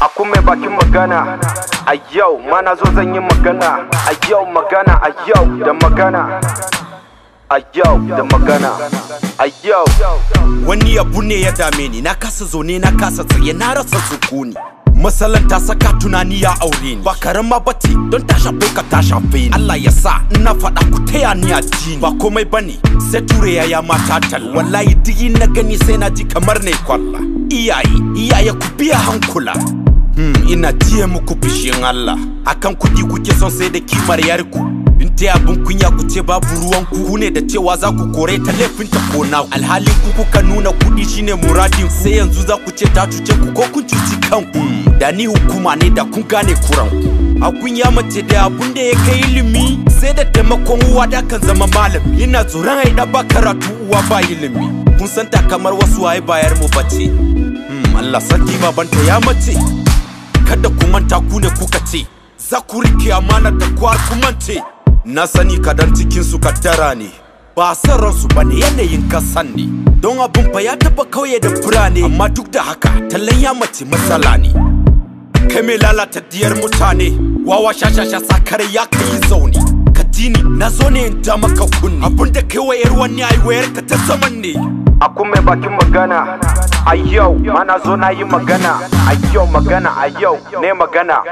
a me bakin magana a yau mana zo zan yi magana a yau magana a yau da magana a yau da magana a yau wani abu ne ya dame ni na kasa zaune na kasa tsaye na rasa sukuni masalan ta saka tunani ya aure ni ba karama bace don ta shafe ka ta shafe ni Allah ya sa ina faɗa ku taya ni a jini ba komai bane sai ture ya ya mata talla wallahi digi na gani sai na ji kamar ne kwalla iyaye iyaye ku biya hankula Hmm, ina tiye muku bishin Allah akan kuɗi kuke son sai da kifar yarku in ta abin kunya ku ce babu ruwan ku ne da cewa za ku kore ta laifin ta kona alhalin ku kuka nuna kuɗi shine muradin ku sai yanzu za ku ce ta cuce ku ko kun cuci kanku mm. da ni hukuma ne da kun gane kuran ku a kunya mace da abun da ya kai ilimi sai da taimakon uwa da kan zama malam ina tsoron da ba karatu uwa ba ilimi kun santa kamar wasu waye bayar mu bace mm, Allah sarki babanta ya mace kada ku manta ku ne kuka ce za ku rike amana da ku har ku mance na sani kadan cikin su kaddara ne ba san ransu ne yanayin kasan ne don abun fa ya taba kauye da birane amma duk da haka tallan ya mace matsala ne kai mai lalata diyar mutane wawa shashasha sakare ya kai zaune kadini na zo ne in ta maka kunni da kai wayar wani ai wayar ka ta zaman ne a mai bakin magana a yau mana zo na yi magana a magana a ne magana